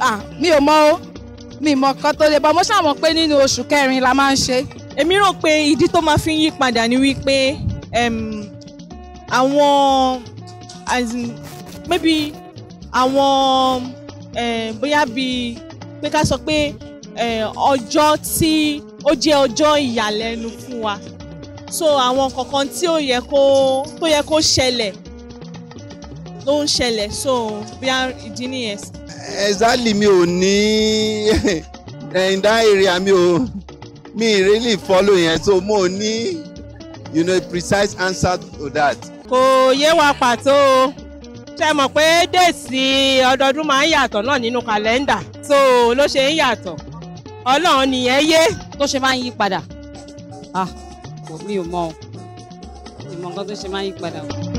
ah mi ò mọ o mi mọ kan tó lè bọ mo ṣàmọ pé nínú oṣù kẹrin la máa ń ṣe. èmi rò pé ìdí tó máa fi ń yí padà ni wípé àwọn as maybe àwọn bóyá bíi pé ká sọ pé eh, ọjọ́ tí ó jẹ́ ọjọ́ ìyàlẹ́nu fún wa so àwọn kọ̀ọ̀kan tí ó yẹ kó tó yẹ kó ṣẹlẹ̀ ló ń ṣẹlẹ̀ so bóyá ìdí nìyẹn exactly mi ò ní eh, in that area mi ò mi really follow yẹn so mo ní you know precise answer to that. kò yé wa pàtó o ṣe mọ̀ pé déèsì ọdọọdún máa ń yàtọ̀ náà nínú kàlẹ́ndà so ló ṣe ń yàtọ̀ ọlọ́run nìyẹn yé. tó ṣe máa ń yí padà ah mi ò mọ o mi ò mọ nǹkan tó ṣe máa ń yí padà o.